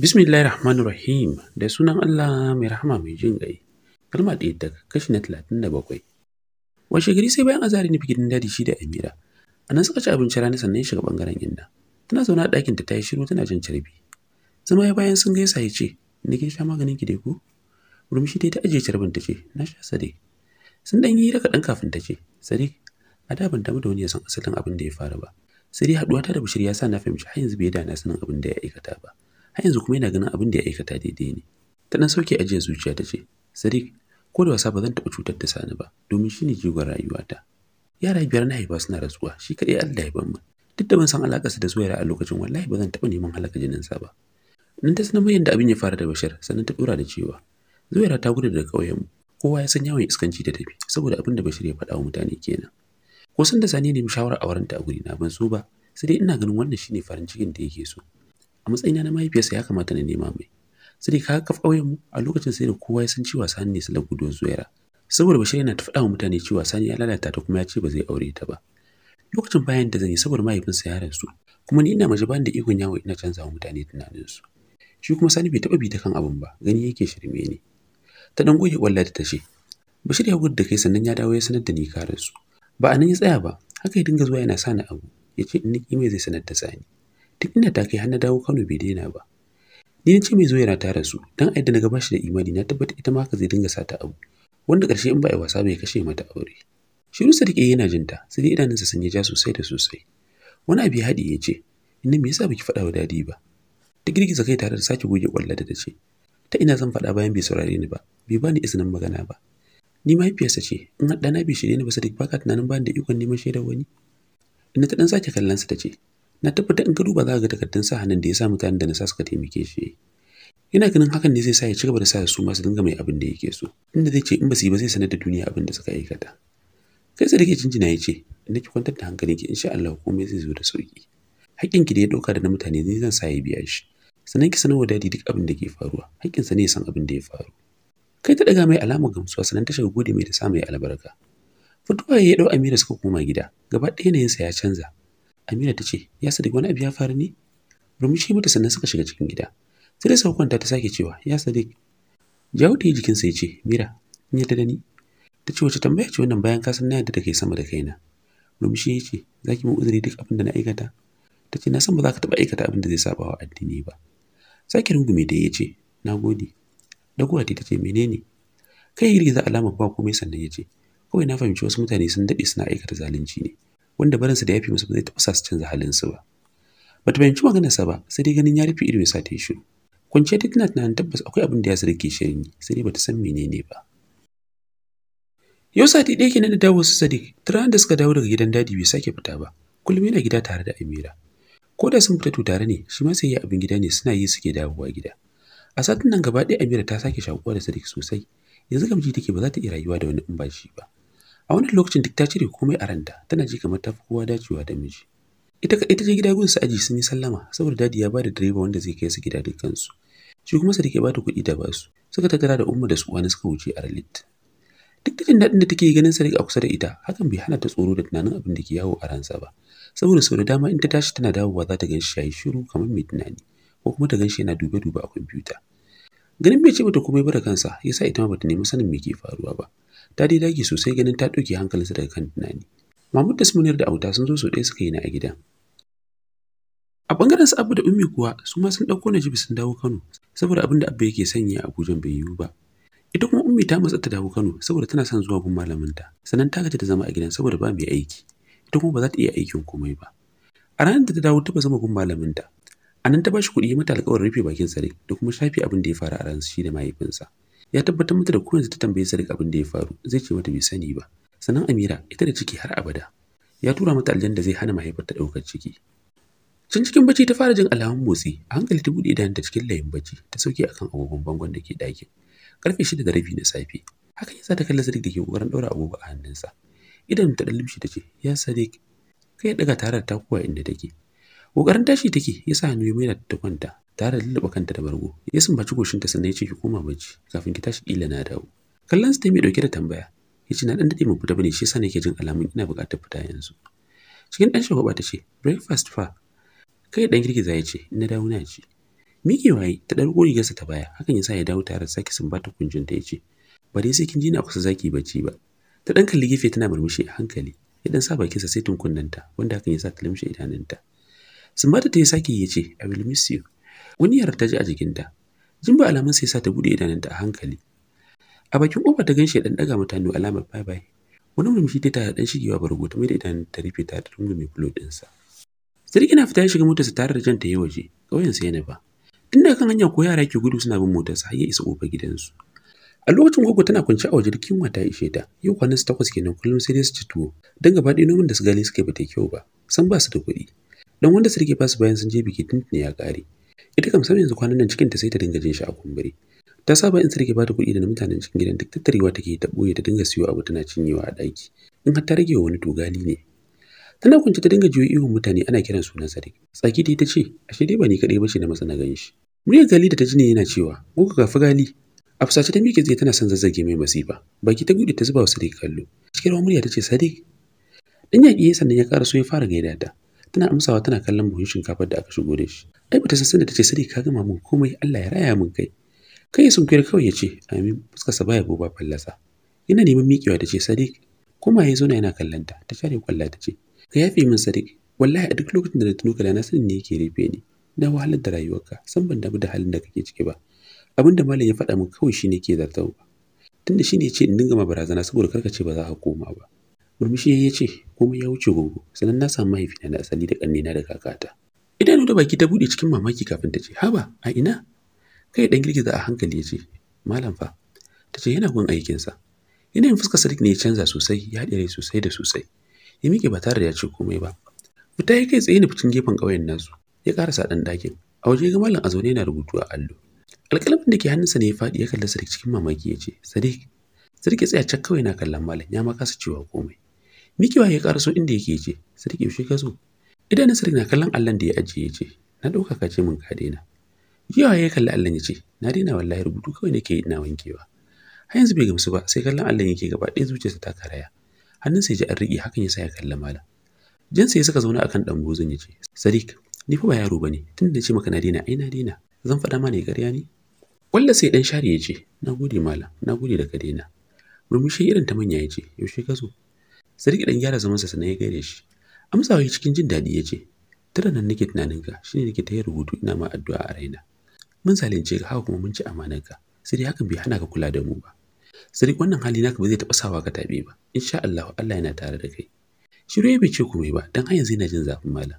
Bismillahir Rahmanir Rahim da sunan Allah mai rahama mai jin gai. Kalma ɗaya daga kashi na talatin da bakwai. Washe gari sai bayan azari nufi gidan dadi shi da Amira. A nan suka ci abinci rana sannan ya shiga ɓangaren inda. Tana zaune a ɗakin ta ta yi shiru tana jin carbi. Zama ya bayan sun gaisa ya ce, Ni kin sha maganin ki dai ko? Murmushi dai ta ajiye carbin ta ce, Na sha sade. Sun ɗan yi hira ɗan kafin ta ce, Sadiq, a da ban damu da wani ya san asalin abin da ya faru ba sai dai haduwa ta da bashir ya sa na fahimci har yanzu bai da na sanin abin da ya aikata ba har yanzu kuma yana ganin abin da ya aikata daidai ne ta dan sauke ajiyar zuciya ta ce sadiq ko da wasa ba zan taɓa cutar da sani ba domin shi ne jigon rayuwata yara biyar na haifa suna rasuwa shi kaɗai allah ya ban mu duk da ban san alaƙarsa da zuwa a lokacin wallahi ba zan taɓa neman halaka jininsa ba nan ta sanar mai yadda abin ya fara da bashir sannan ta ɗora da cewa zuwaira ta gudu daga ƙauyenmu kowa ya san yawan iskanci da tafi saboda abin da bashir ya faɗa wa mutane kenan ko san da sani ne mu shawara a ta a guri na ban so ba sai dai ina ganin wannan shine farin cikin da yake so a matsayina na mahaifiyarsa ya kamata na nema mai sai dai kaga kaf ƙauyen mu a lokacin sai da kowa ya san cewa sani ne da guduwar zuwaira saboda bashir yana ta faɗa wa mutane cewa sani ya lalata ta kuma ya ce ba zai aure ta ba lokacin bayan da zan yi saboda mahaifinsa ya rasu kuma ni ina mace da ikon yawo ina canza wa mutane tunaninsu shi kuma sani bai taɓa bi ta kan abin ba gani yake shirme ne ta ɗan goge kwalla da ta ce bashir ya gudu da kai sannan ya dawo ya sanar da ni ka rasu ba a nan ya tsaya ba haka ya dinga zuwa yana sani abu ya ce in ni mai zai sanar da sani duk inda ta kai har dawo Kano bai daina ba ni na ce mai zo yana tara su dan aida na gaba shi da imani na tabbata ita ma haka zai dinga sata abu wanda ƙarshe in ba a wasa bai kashe mata aure shiru sarki yana jinta sai dai idanunsa sun yi ja sosai da sosai wani abu ya haɗi ya ce ina me yasa baki faɗa wa dadi ba ta girgiza kai tare da sake goge kwallo da ta ce ta ina zan faɗa bayan bai saurare ni ba bai bani izinin magana ba ni mahaifiyarsa ce in har ɗana bai ne na ba sadiq baka tunanin ba da ikon neman shaidar wani ina ta ɗan sake kallon sa ta ce na tabbata in ka duba za ka ga takardun sa hannun da ya sa mutanen da na sa suka taimake shi ina ganin hakan ne zai sa ya ci gaba da sa su masu dinga mai abin da yake so inda zai ce in ba su yi ba zai sanar da duniya abin da suka aikata kai sadiq ya jinjina ya ce na ki kwantar da hankalinki insha Allah komai zai zo da sauki haƙƙinki da ya ɗauka da na mutane ne zan sa ya biya shi sannan ki wa dadi duk abin da ke faruwa haƙƙinsa ne ya san abin da ya faru kai ta daga mai alamar gamsuwa sanan ta gode mai ta sa mai albarka fitowa ya dau Amira suka koma gida gaba ɗaya ne ya canza Amira ta ce ya sadi wani abu ya faru ne rumushi mata sanan suka shiga cikin gida sai da sauƙon ta ta sake cewa ya sadi jawo ta yi jikinsa ya ce mira in yadda da ni ta ce wace tambaya ce wannan bayan kasan na yadda da kai sama da kaina rumushi ya ce za ki uzuri duk abin da na aikata ta ce na san ba za ka taɓa aikata abin da zai saba wa addini ba sake rungume da ya ce na gode dagowa ta ce menene kai girgiza alama ba komai sannan ya ce kawai na fahimci wasu mutane sun daɗe suna aikata zalunci ne wanda barinsa da fi musu zai taɓa sa su canza halinsu ba Ba ta fahimci maganarsa ba sai dai ganin ya rufe ido ya sa ta yi shiru kwanciya ta tana tunanin tabbas akwai abin da ya sarki shirin yi sai dai ta san menene ba yau sati ɗaya kenan da dawo su sadi turan da suka dawo daga gidan dadi bai sake fita ba kullum yana gida tare da amira ko da sun fita to tare ne shi ma sai ya abin gida ne suna yi suke dawowa gida A satin nan gaba ɗaya Amira ta sake shakuwa da Sadiq sosai. Yanzu gamji take ba za ta iya rayuwa da wani in ba shi ba. A wani lokacin duk ta cire komai a ranta, tana ji kamar ta fi kowa dacewa da miji. Ita ka ita je gida gudun Sa'aji sun yi sallama saboda dadi ya bada direba wanda zai kai su gida kansu Shi kuma Sadiq ya bata kuɗi da basu. Suka tattara da Umma da su wani suka wuce a Ralit. Duk da jin daɗin da take ganin Sadiq a kusa da ita, hakan bai hana ta tsoro da tunanin abin da ke yawo a ransa ba. Saboda sau da dama in ta tashi tana dawowa za ta gan shi yayi shiru kamar mai tunani. ko kuma ta ganshi yana dube-dube a kwamfuta ganin bai ce mata komai ba da kansa ya sa ita ma bata nemi sanin me ke faruwa ba ta dai dage sosai ganin ta ɗauke sa daga kan tunani Mahmud da da Auta sun zo su ɗaya suka yi na a gidan a bangaren su Abu da Ummi kuwa su ma sun ɗauko Najibi sun dawo Kano saboda abin da Abba yake sanya a Abuja bai yiwu ba ita kuma Ummi ta matsa ta dawo Kano saboda tana son zuwa gun malaminta sannan ta gaji ta zama a gidan saboda ba mai aiki ita kuma ba za ta iya aikin komai ba. A ranar da ta dawo ta zama gun malaminta, a nan ta bashi kuɗi ya mata alƙawarin rufe bakin sadik da kuma shafi abin da ya faru a ran shi da mahaifinsa ya tabbatar mata da ko yanzu ta tambaye sadik abin da ya faru zai ce mata bai sani ba sannan amira ita da ciki har abada ya tura mata aljan da zai hana mahaifarta ɗaukar ciki Tun cikin bacci ta fara jin alamun motsi, a hankali ta buɗe idanunta cikin layin bacci, ta sauke akan agogon bangon da ke ɗakin. Karfe shida da rabi na safe, hakan yasa ta kalli Sadiq da ke ƙoƙarin ɗaura agogo a hannunsa. Idan ta ɗan lumshi ta ce, "Ya Sadiq, kai ya ɗaga tare da takuwa inda take." Ƙoƙarin tashi take ya sa hannu ya maida ta kwanta tare da lulluɓa kanta da bargo. Ya sumbaci goshinta sannan ya ce ki koma bacci kafin ki tashi ƙila na dawo. Kallon su ta mai ɗauke da tambaya. Ya ce na ɗan daɗe mu fita bane shi yasa nake jin alamun ina buƙatar fita yanzu. Cikin ɗan shagwaba ta ce breakfast fa. Kai ɗan girgiza ya ce ina dawo na ci. Miki waye ta ɗauko rigarsa ta baya hakan ya sa ya dawo tare da sake sumbata kunjinta ya ce ba dai sai kin ji na kusa zaki bacci ba. Ta ɗan kalli gefe tana murmushi a hankali. Ya ɗan sa bakinsa sai tunkunnanta wanda hakan ya sa ta lamshe idanunta. Sumbata ta yi sake ya ce, I will miss Wani yara ta ji a jikinta. Jin ba alamun sai sa ta buɗe idanunta a hankali. A bakin ƙofa ta ganshi ɗan ɗaga mutane alamar bye bye. Wani murmushi ta tare ɗan shigewa bargo ta mai da idanun ta rufe ta da mai fulo ɗinsa. Sadiq na fita ya shiga motarsa tare da jan ta yi waje, ƙauyensa yana ba. Tun daga kan hanya ko yara ke gudu suna bin motarsa har ya isa ƙofar gidansu. A lokacin gogo tana kwance a waje da yunwa ta ishe ta, yau kwanan su takwas kenan kullum sai dai su ci tuwo, don gaba ɗaya noman da su gani suka yi ba ta kyau ba, san ba su da kuɗi. dan wanda ba basu bayan sun je biki tuntuni ya kare ita kam sai yanzu kwanan nan cikin ta sai ta dinga jin shi a kumbure ta saba in ba bata kuɗi da na mutanen cikin gidan duk tattarewa take ta boye ta dinga siyo abu tana cinyewa a daki in har ta rage wani tugali ne tana kunce ta dinga juyo ihun mutane ana kiran sunan Sadiq. Tsaki dai ta ce, ashe dai ba ni kaɗai bace na matsa na ganin shi. Muryar Gali da ta ji ne yana cewa, "Goga gafi Gali." A fusace ta miƙe zai tana son zazzage mai masifa. Baki ta gudu ta zuba wa sarki kallo. Cikin rawar murya ta ce, "Sadiq." Dan yaƙi sannan ya ƙara so ya fara gaida ta. Tana amsawa tana kallon buhun shinkafar da aka shigo da shi. Ai bata san sanda tace sani ka gama mun komai Allah ya raya mun kai. Kai sun kuyar kawai yace amin amin sa baya bo ba fallasa. Yana neman miƙewa da ce Sadiq kuma ya zo na yana kallon ta ta share kwalla ta ce ka yafe min Sadiq wallahi a duk lokacin da na tuno ka da na ne yake rufe ni. Na wahalar da rayuwarka san ban damu da halin da kake ciki ba. Abinda da malam ya faɗa min kawai shine ke zartawa Tunda shine ya ce in dinga ma barazana saboda karka ce ba za ka koma ba. Murmushi ya ce, komai ya wuce gogo, sannan na samu mahaifina na asali da ƙannena da kakata. Idanu da baki ta buɗe cikin mamaki kafin ta ce, haba, a ina? Kai ɗan girgiza a hankali ya ce, malam fa. Ta ce yana gun Ina yin fuskar Sadiq ne ya canza sosai, ya haɗe rai sosai da sosai. Ya miƙe ba tare da ya ce komai ba. Fita ya kai tsaye na fitin gefen ƙauyen nasu, ya kara ɗan ɗakin. A waje ga malam a zaune yana rubutu a allo. Alƙalamin da ke hannunsa ne ya faɗi ya kalli Sadiq cikin mamaki ya ce, Sadiq, Sadiq ya tsaya kawai na kallon malam ya cewa komai. miki wa ya ƙaraso inda yake ce, Sarki yaushe ka zo? na sarki na kallon allon da ya ajiye ya ce, Na ɗauka ka ce min ka daina. Jiyawa ya kalli allon ya ce, Na daina wallahi rubutu kawai nake yi ina wankewa. Har yanzu bai gamsu ba sai kallon allon yake gaba ɗaya zuciyarsa ta karaya. hannun ya ji an riƙe hakan ya sa ya kalli malam. jin ya saka zauna akan ɗan gozon ya ce, Sadiq, ni fa ba yaro ba ne, tun da ce maka na daina, ai na daina, zan faɗa ma ne ƙarya ne? Walla sai dan share ya ce, Na gode malam, na gode da ka daina. Murmushi irin ta manya ya ce, Yaushe ka zo? rike dan gyara zaman sannan ya gaida shi. Amsawa ya cikin jin daɗi ya ce, Tara nan nake tunanin ka shine nake ta rubutu ina ma addu'a a raina. Mun zalunce ka haka kuma mun ci ka sai dai hakan bai hana ka kula da mu ba. Sadiq wannan hali naka ba zai taɓa sawa ka tabe ba, insha Allah Allah yana tare da kai. Shiru ya bai ce komai ba, dan har yanzu ina jin zafin malam.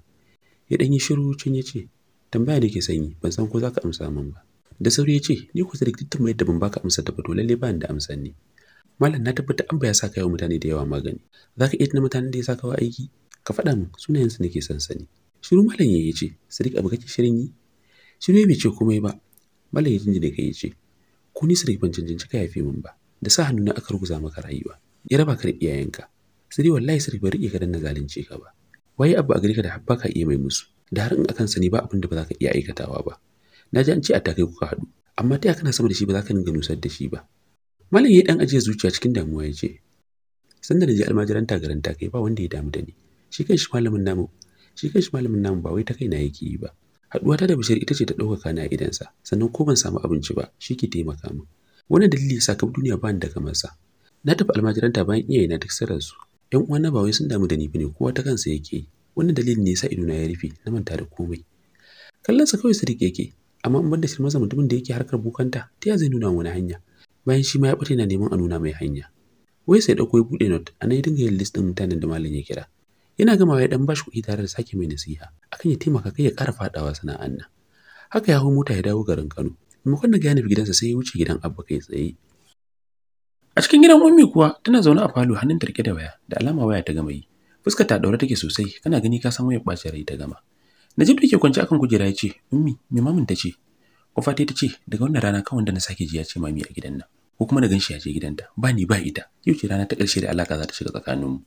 Ya dan yi shiru can ya ce, Tambaya nake sanyi, ban san ko zaka amsa min ba. Da sauri ya ce, Ni ku Sadiq duk tambayar da ban baka amsa ta ba to lallai ba ni da amsan ne. malam na tabbata an baya saka yawa mutane da yawa magani za ka iya tuna mutanen da ya saka wa aiki ka faɗa min su nake son sani shiru malam ya yi ce sadiq abu kake shirin yi shiru bai ce komai ba malam ya jinjina kai ya ce ko ni sadiq ban cancanci ka yafe min ba da sa hannu na aka ruguza maka rayuwa ya raba ka da iyayenka sadiq wallahi sadiq bai rike ka dan na zalunce ka ba waye abu a gare ka da habba ka iya mai musu da har in akan sani ba abin da ba za ka iya aikatawa ba na ji an ce a takai kuka haɗu amma ta kana sama da shi ba za ka dinga nusar da shi ba Malam ya dan ajiye zuciya cikin damuwa ya ce, Sanda da je almajiranta garin ta kai ba wanda ya damu da ni. Shi shi malamin namu, shi shi malamin namu ba wai ta kaina yake yi ba. Haɗuwa ta da Bashir ita ce ta ɗaukaka na sa, sannan ko ban samu abinci ba, shi ke taimaka min. Wannan dalili ya sa kaf duniya ba ni da kamar Na tafi almajiranta bayan iyaye na duk ‘Yan uwana ba wai sun damu da ni ne, kowa ta kansa ke yi. Wannan dalilin ne ya sa idona ya rufe, na manta da komai. Kallon sa kawai su riƙe yake, amma in ban da maza mutumin da yake harkar bukanta, ta ya zai nuna wani hanya? bayan shi ma ya ɓata na neman a nuna mai hanya wai sai ɗauko ya buɗe not Ana nan dinga yin list din mutanen da malam ya kira yana gamawa ya ɗan bashi kuɗi tare da sake mai nasiha akan ya taimaka kai ya ƙara fadawa, sana'an nan haka ya hau mota ya dawo garin Kano maimakon da gane gidansa sai ya wuce gidan Abba kai tsaye a cikin gidan ummi kuwa tana zaune a falo hannun tarke da waya da alama waya ta gama yi fuska ta daure take sosai kana gani ka san wayar bace rai ta gama Najib da kwance akan kujera ya ce ummi me mamin ta ce Kwafa ta ce daga wannan rana kawai da na sake ji ce mami a gidan nan ko kuma da ganshi ya je gidanta ba ni ba ita yau ce rana ta ƙarshe da alaka za ta shiga mu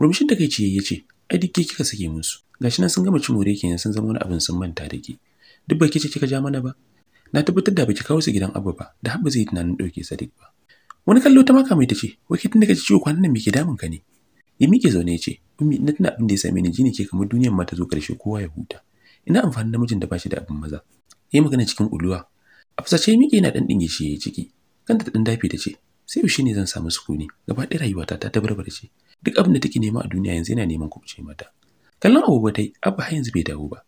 murmushin da kai ce ya ce ai duk kika sake su gashi nan sun gama cin more kenan sun zama wani abin sun manta da ke duk ba kice kika ja mana ba na tabbatar da baki kawo su gidan abu ba da habba zai tunanin ɗauke sadik ba wani kallo ta maka mai ta ce wai tun daga ciwo kwanan nan me ke damun ka ne ya miƙe zaune ya ce ummi na tuna abin da ya same ni jini ke kamar duniyar ma ta zo karshe kowa ya huta ina amfani da mijin da bashi da abin maza yi magana cikin uluwa a ya miƙe yana ɗan ɗinge shi yi ciki kanta ɗan dafi da ce sai yaushe ne zan samu sukuni gaba ɗaya rayuwata ta tabarbar ce duk abin da take nema a duniya yanzu yana neman kubuce mata kallon abubuwa ta yi abba har yanzu bai dawo ba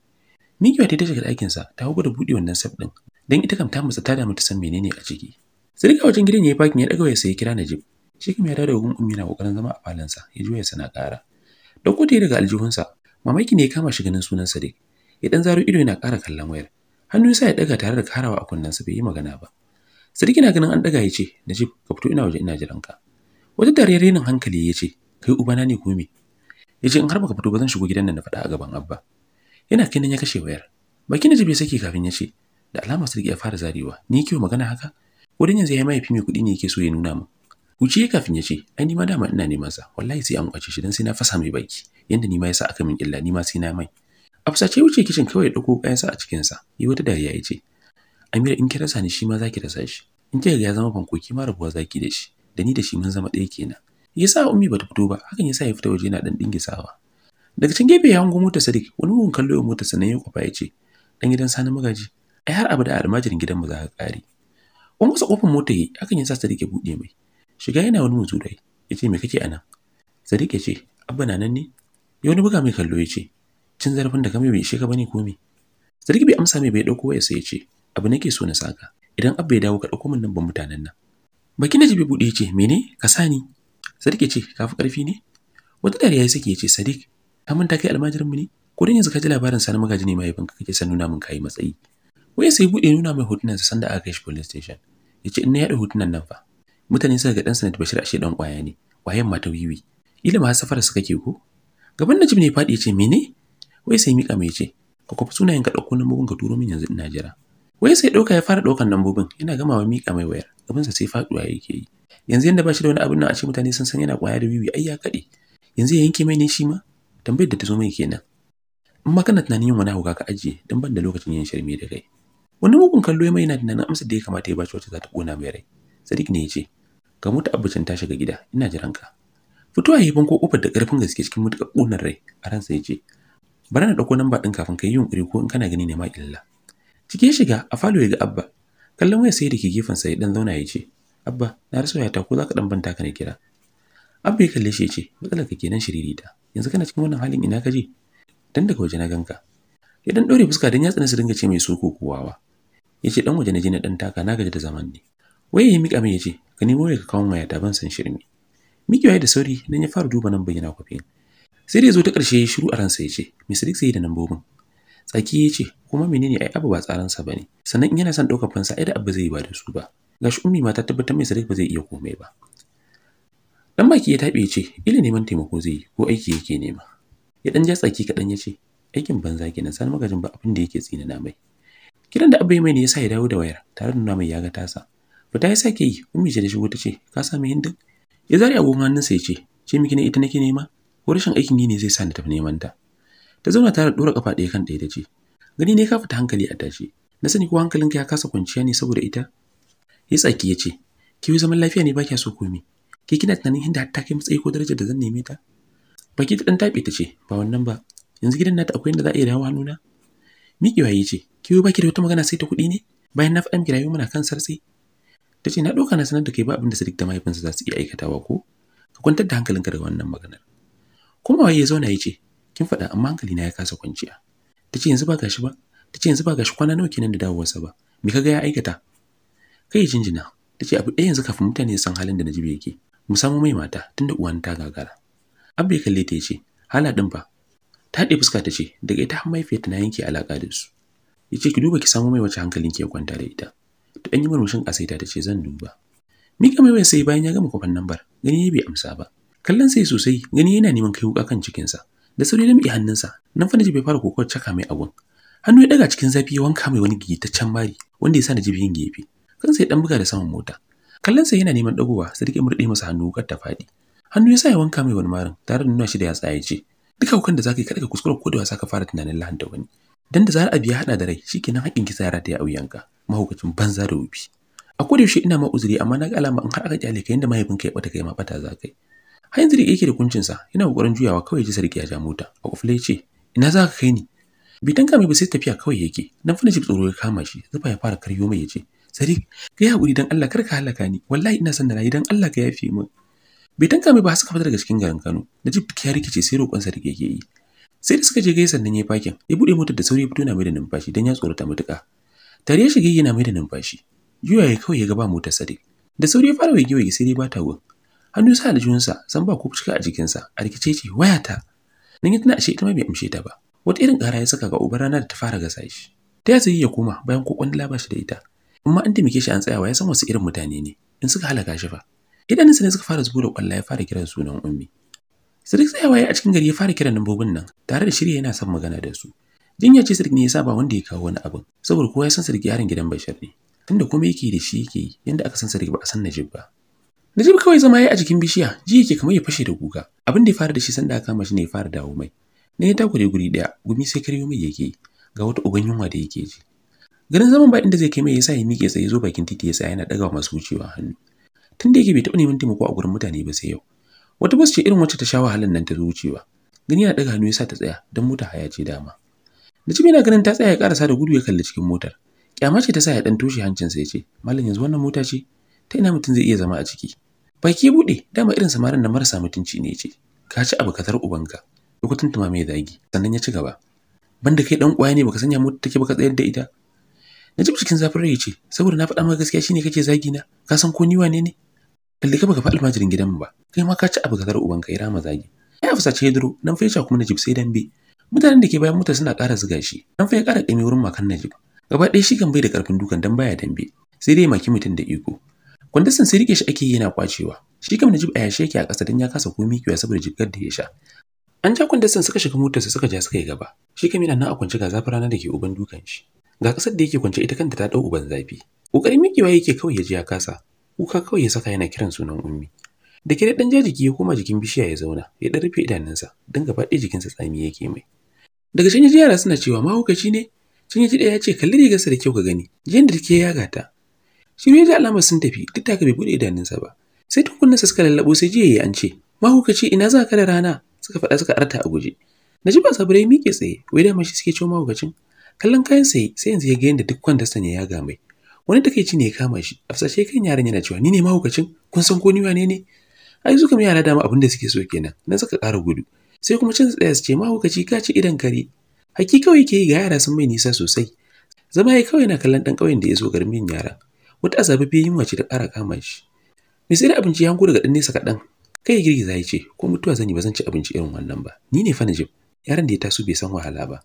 mikiwa ta shiga sa ta hau da buɗe wannan sab ɗin don ita kam ta matsa ta damu ta san menene a ciki sirga wajen gidan ya yi fakin ya ɗaga waya sai ya kira najib shi kuma ya dawo daga ummi na kokarin zama a falon sa ya juya sana ƙara dauko ta daga aljihunsa mamaki ne ya kama shi ganin sunan sadiq ya dan zaro ido yana ƙara kallon wayar hannu sa ya daga tare da karawa a kunnensa bai yi magana ba Sadiq na ganin an daga ya ce, Najib, ka fito ina waje ina jiran ka. Wata dariyar renin hankali ya ce, kai na ne ko me? Ya ce in har baka fito ba zan shigo gidan nan na faɗa a gaban Abba. Yana kinan ya kashe wayar. Baki Najib ya sake kafin ya ce, da alama Sarki ya fara zarewa. Ni kiwo magana haka? Wurin yanzu ya mahaifi mai kuɗi ne yake so ya nuna min. Wuce ya kafin ya ce, ai ni ma dama ina neman sa, wallahi sai an kwace shi dan sai na fasa mai baki, yanda ni ma yasa aka min illa ni ma sai na mai. Afsa ce wuce kicin kawai ya dauko kayan sa a cikin sa, yi wata dariya ya ce, Amira in ki rasa ni shi ma za ki rasa shi. In kika ga ya zama fanko ki ma rabuwa za ki da shi. Da ni da shi mun zama ɗaya kenan. Yasa Ummi ta fito ba, hakan yasa ya fita waje yana dan ɗingisawa Daga can gefe ya hango motar Sadiq, wani mugun kallo ya motar sanan ya kwafa ya ce, "Dan gidan Sani magaji, ai har abu da almajirin gidan mu za ka kare." Wani masa kofar mota yi, hakan yasa Sadiq ya buɗe mai. Shiga yana wani dai, ya ce, "Me kake nan? Sadiq ya ce, "Abba na nan ne?" Ya wani buga mai kallo ya ce, "Cin zarafin da ka mai bai ishe ka bane ko me?" Sadiq bai amsa mai bai dauko ya sai ya ce, abu nake so na saka idan abba ya dawo ka ɗauko min nan ban mutanen nan baki na jibi buɗe ya ce mene ka sani sadiq ya ce ka fi ƙarfi ne wata dariya ya sake ya ce sadiq ka ta kai almajirin mu ne ko dan yanzu ka ji labarin sani magaji ne mahaifinka kake san nuna min kayi matsayi wai sai buɗe nuna mai sa sanda aka kai shi police station ya ce in na yaɗa hotunan nan fa mutane suka ga ɗan sanad bashir ashe ɗan ƙwaya ne ƙwayan mata wiwi ila ma safara suka ke ko gaban najib ne faɗi ya ce mene wai sai mika mai ce ka kwafi sunayen ka ɗauko nan mugun ka turo min yanzu ina jira wai sai ɗauka ya fara ɗaukan lambobin yana gamawa miƙa mai wayar gabansa sai faɗuwa yake yi yanzu yanda ba shi da wani abin nan a ce mutane sun san yana ƙwaya da wiwi ai ya kaɗe yanzu ya yanke mai ne shi ma tambayar da ta zo mai kenan in ma kana tunanin yin wani hauka ka ajiye don ban da lokacin yin shirme da kai wani mugun kallo ya mai yana tunanin amsa da ya kamata ya ba shi wacce za ta ƙona mai rai sadiq ne ya ce ka mota abucin ta shiga gida ina jiran ka fitowa yayin ko kofar da karfin gaske cikin mutukar ƙunar rai a ransa ya ce bari na ɗauko namba ɗin kafin ka yi yunƙuri ko in kana gani ne ma illa Cikin shiga a falo ya ga Abba. Kallon waya sai da ke sa ya dan zauna ya ce, Abba, na rasa wayata ko za ka dan banta ka na kira. Abba ya kalle shi ya ce, matsalar ka kenan shiririta. Yanzu kana cikin wannan halin ina ka je? Dan daga waje na ganka. Ya dan dore fuska dan yatsa su dinga ce mai soko kowawa. Ya ce dan waje na je na dan taka na gaji da zaman ne. Waye ya mika mai ya ce, ka nemo waya ka kawo wayata ban san shirme. Miki waye da sauri nan ya fara duba nan bayyana kwafin. Sai da ya zo ta ƙarshe ya shiru a ransa ya ce, Me Sadiq sai da bobin." tsaki ya ce kuma menene ai abu ba tsaransa ba ne sannan in yana son ɗaukar fansa ai da abu zai ba da su ba gashi ummi ma ta tabbatar mai sadiq ba zai iya komai ba dan baki ya taɓe ya ce ila neman taimako zai yi ko aiki yake nema ya dan ja tsaki kaɗan ya ce aikin banza kenan san magajin ba abin da yake tsinana mai kiran da abai mai ne yasa ya dawo da wayar tare da nuna mai ya ga tasa fita ya sake yi ummi ce da shigo ta ce ka sami hindin ya zare agogon hannunsa ya ce ce miki ne ita nake nema ko rashin aikin yi ne zai sa ni tafi neman ta ta zauna tare da ɗora ƙafa ɗaya kan ɗaya ta ce gani ne ka fita hankali a tashi na sani ko hankalinka ya kasa kwanciya ne saboda ita ya tsaki ya ce ki yi zaman lafiya ne ba kya so komi ke kina tunanin inda hatta kai matsayi ko darajar da zan neme ta baki ta dan taɓe ta ce ba wannan ba yanzu gidan nata akwai inda za a iya dawo nuna? miƙewa ya ce ki yi baki da wata magana sai ta kuɗi ne bayan na faɗa miki rayuwa muna kan sarsi ta ce na ɗauka na sanar da kai ba abin da sadiq da mahaifinsa za su iya aikatawa ko ka kwantar da hankalinka daga wannan maganar kuma waye ya zauna ya ce kin faɗa amma hankali na ya kasa kwanciya tace yanzu ba gashi ba tace yanzu ba gashi kwana nawa kenan da dawowarsa ba me kaga ya aikata kai jinjina tace abu ɗaya yanzu kafin mutane su san halin da na Najibi yake mu samu mai mata tunda uwan ta gagara Abu ya kalle ta yace hala din ba. ta haɗe fuska ta ce, daga ita har ta na yanke alaƙa da su Ya ce ki duba ki samu mai wacce hankalin ki ya kwanta da ita ta ɗan yi murmushin ƙasaita ce zan duba mika mai sai bayan ya gama kwafan lambar gani ya bai amsa ba kallon sai sosai gani yana neman kai wuƙa kan cikinsa da sauri limɗi hannunsa nan fa najib jibi fara kokowar caka mai abun hannu ya daga cikin zafi ya wanka mai wani gigitaccen mari wanda ya sa jibi yin gefe kan sai dan buga da saman mota kallonsa yana neman dagowa sai ya murɗe masa hannu kar ta faɗi hannu ya sa ya wanka mai wani marin tare da nuna shi da ya ya ce duka hukan da zaka yi kada ka kuskura ko da wasa ka fara tunanin lahan da wani dan da zarar abu ya hada da rai shikenan hakkin ki tsara ta ya auyanka mahukacin banza da wubi a koda yaushe ina ma uzuri amma na ga alama in har aka kyale ka yanda mahaifinka ya bata kai ma bata za har yanzu da yake da kuncinsa yana kokarin juyawa kawai ji sarki ya ja mota a kufle ya ce ina za ka kai ni bai tanka mai ba sai tafiya kawai yake nan fina jib tsoro ya kama shi zufa ya fara karyo mai ya ce sadiq ka yi haƙuri don allah kar ka halaka ni wallahi ina son da rayi don allah ka yafe min bai tanka mai ba suka fita daga cikin garin kano najib duk ya rikice sai roƙon sarki yake yi sai da suka je gaisa sannan ya fakin ya bude motar da sauri ya fito na mai da numfashi don ya tsorata mutuka. tare ya shige yana mai da numfashi juyawa kawai ya ga ba motar sadiq da sauri ya fara wege sai dai ba ta hannu sa aljihunsa san ba ko cika a jikinsa a rikice ce wayata nan ya tana ashe ita ma bai amshe ta ba wata irin ƙara ya saka ga uban rana da ta fara gasa shi ta ya zai ya koma bayan ko kwandala ba shi da ita amma an taimake shi an tsayawa ya san wasu irin mutane ne in suka halaka shi fa sa ne suka fara zubo da kwalla ya fara kiran sunan ummi Sadiq tsayawa ya a cikin gari ya fara kiran nambobin nan tare da shirya yana son magana da su jinya ce sirik ne ya ba wanda ya kawo wani abin saboda kowa ya san sirik yaron gidan bashar ne tunda kuma yake da shi yake yanda aka san sirik ba a san Najib ba jibi kawai zama ya a jikin bishiya, ji yake kamar ya fashe da guga. Abin da ya fara da shi sanda aka kama shi ne ya fara dawo mai. Ne ya da guri daya, gumi sai karyo mai yake ga wata ugan yunwa da yake ji. Garin zaman ba inda zai kai mai yasa ya miƙe tsaye zo bakin titi ya tsaya yana daga masu wucewa hannu. Tun da yake bai taɓa neman taimako a gurin mutane ba sai yau. Wata bus ce irin wacce ta sha wahalar nan ta zo wucewa. Gani yana daga hannu ya sa ta tsaya don mota haya ce dama. Najib yana ganin ta tsaya ya karasa da gudu ya kalli cikin motar. Kyama ce ta sa ya dan toshe hancinsa ya ce, Malam yanzu wannan mota ce? Ta ina mutum zai iya zama a ciki? Baki buɗe, dama irin samarin da marasa mutunci ne ce, ka ci abu katar ubanka, lokutan tuma mai zagi, sannan ya ci gaba. Banda kai dan kwaya ne baka sanya mu take baka tsayar da ita. Na ji cikin zafin rai ce, saboda na faɗa maka gaskiya shine kake zagi na, ka san ko ni wane ne? kalle ka baka fa gidan gidanmu ba, kai ma ka ci abu katar ubanka ya rama zagi. Ya fusace ya duro, nan fa ya na Najib sai dambe. Mutanen da ke bayan mota suna ƙara ziga shi, nan fa ya ƙara ƙami wurin makan Najib. Gaba ɗaya shi kan bai da ƙarfin dukan dan baya dambe, sai dai maki mutum da iko. Kwandasan sai rike shi ake yana kwacewa. Shi kam Najib a yashe yake a ƙasa don ya kasa komi kiwa saboda jibgar da ya sha. An ja kwandasan suka shiga motarsa suka ja suka yi gaba. Shi kam yana nan a kwance ga zafin rana da ke uban dukan shi. Ga ƙasar da yake kwance ita kanta ta ɗau uban zafi. Ƙoƙarin miƙewa yake kawai ya ji ya kasa. Kuka kawai ya saka yana kiran sunan ummi. Da ke ɗan jajiki ya koma jikin bishiya ya zauna, ya ɗan rufe idanunsa, don gaba ɗaya jikinsa tsami yake mai. Daga can ya ji yara suna cewa mahaukaci ne, can ya ji ɗaya ya ce kalli rigarsa da kyau ka gani, da take Shiru ya ji alamar sun tafi duk da haka bai buɗe idanunsa ba. Sai tukunnansa suka lallabo sai jiya yi an ce, Mahaukaci ina za ka da rana? Suka faɗa suka arta a guje. ba Sabirai miƙe tsaye, wai da mashi suke cewa mahaukacin. Kallon kayan sayi. sai yanzu ya ga yadda duk wanda ne ya mai. Wani takaici ne ya kama shi, shi kan yaran yana cewa ni ne mahaukacin, kun san ko ni wane ne? Ai suka yara dama abin da suke so kenan, nan suka ƙara gudu. Sai kuma cin tsaya su ce mahaukaci ka ci idan kare. Hakki kawai ke yi ga yara sun mai nisa sosai. Zama ya kawai na kallon ɗan ƙauyen da ya zo garmin yara. wata bai yunwa ce ta ƙara kama shi mai sai da abinci ya hango daga ɗan nesa kaɗan kai girgiza ya ce ko mutuwa zan yi ba zan ci abinci irin wannan ba ni ne fa najib yaran da ya taso bai san wahala ba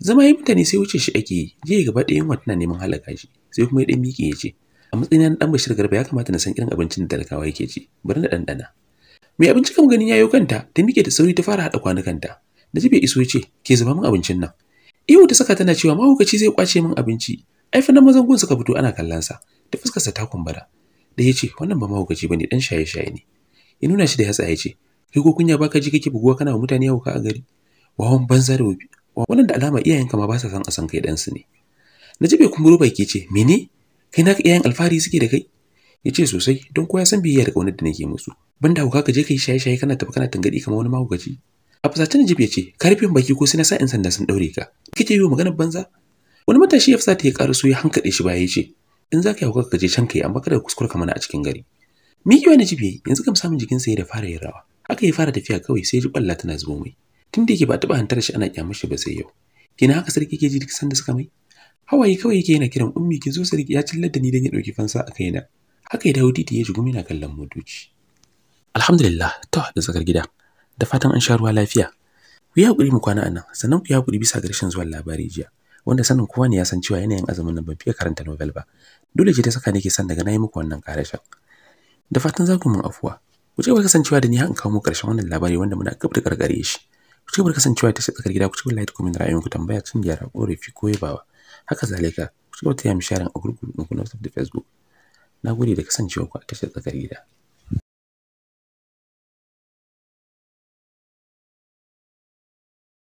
zama ya mutane sai wuce shi ake yi yi gaba ɗaya yunwa tana neman halaka shi sai kuma ya ɗan miƙe ya ce a matsayin ɗan bashir garba ya kamata na san irin abincin da talakawa yake ci bari na ɗanɗana mai abinci kam ganin yayo kanta ta miƙe da sauri ta fara haɗa kwanukanta Najib ya iso ya ce ke zuba min abincin nan ta saka tana cewa mahaukaci zai kwace min abinci ai fa mazan gun suka fito ana kallon sa da fuskar sa ta kumbura da yace wannan ba mahaukaci bane dan shaye shaye ne ya nuna shi da yatsa yace kai ko kunya baka ji kake buguwa kana mutane hauka a gari wawan banza da wobi wannan da alama iyayenka ma ba sa san a san kai dan su ne jibe kumburo baki ce mene kai naka iyayen alfahari suke da kai ya ce sosai don kowa ya san biyayya da kaunar da nake musu Banda da hauka ka je ka yi shaye-shaye kana tafi kana tangadi kamar wani mahaukaci a fasacin ya ce karfin baki ko sai na sa 'yan sanda sun daure ka kike yi wa banza wani matashi ya ta ya ƙara ya hankali shi baya ce in za ka yi ka je can ka yi amma kada ka kuskura ka mana a cikin gari miki wani jibi yanzu kam samun jikin sa ya fara yin rawa haka ya fara tafiya kawai sai ya ji kwalla tana zubo mai tun da yake ba taɓa hantar shi ana kyamar shi ba sai yau kina haka sarki ke ji duk sanda suka mai hawaye kawai yake yana kiran ummi ki zo sarki ya cillar da ni dan ya ɗauki fansa a kaina haka ya dawo titi ya gumi na kallon motoci alhamdulillah to da tsakar gida da fatan an sha ruwa lafiya ku yi hakuri mu kwana a nan sannan ku yi hakuri bisa ga rashin zuwan labari jiya wanda sanin kowa ne ya san cewa yanayin azumin nan ban fiye karanta novel ba dole ce ta saka nake san daga na yi muku wannan karashen da fatan za ku mun afuwa ku kasancewa da ni har kawo muku karshen wannan labari wanda muna gab da karkare shi ku ci gaba kasancewa ta tsakar gida ku ci gaba like comment tambaya cin gyara korafi ko yabawa haka zalika ku ce gaba ta yi misharin a gurgurun ku na Facebook na gode da kasancewa ku a tashar tsakar gida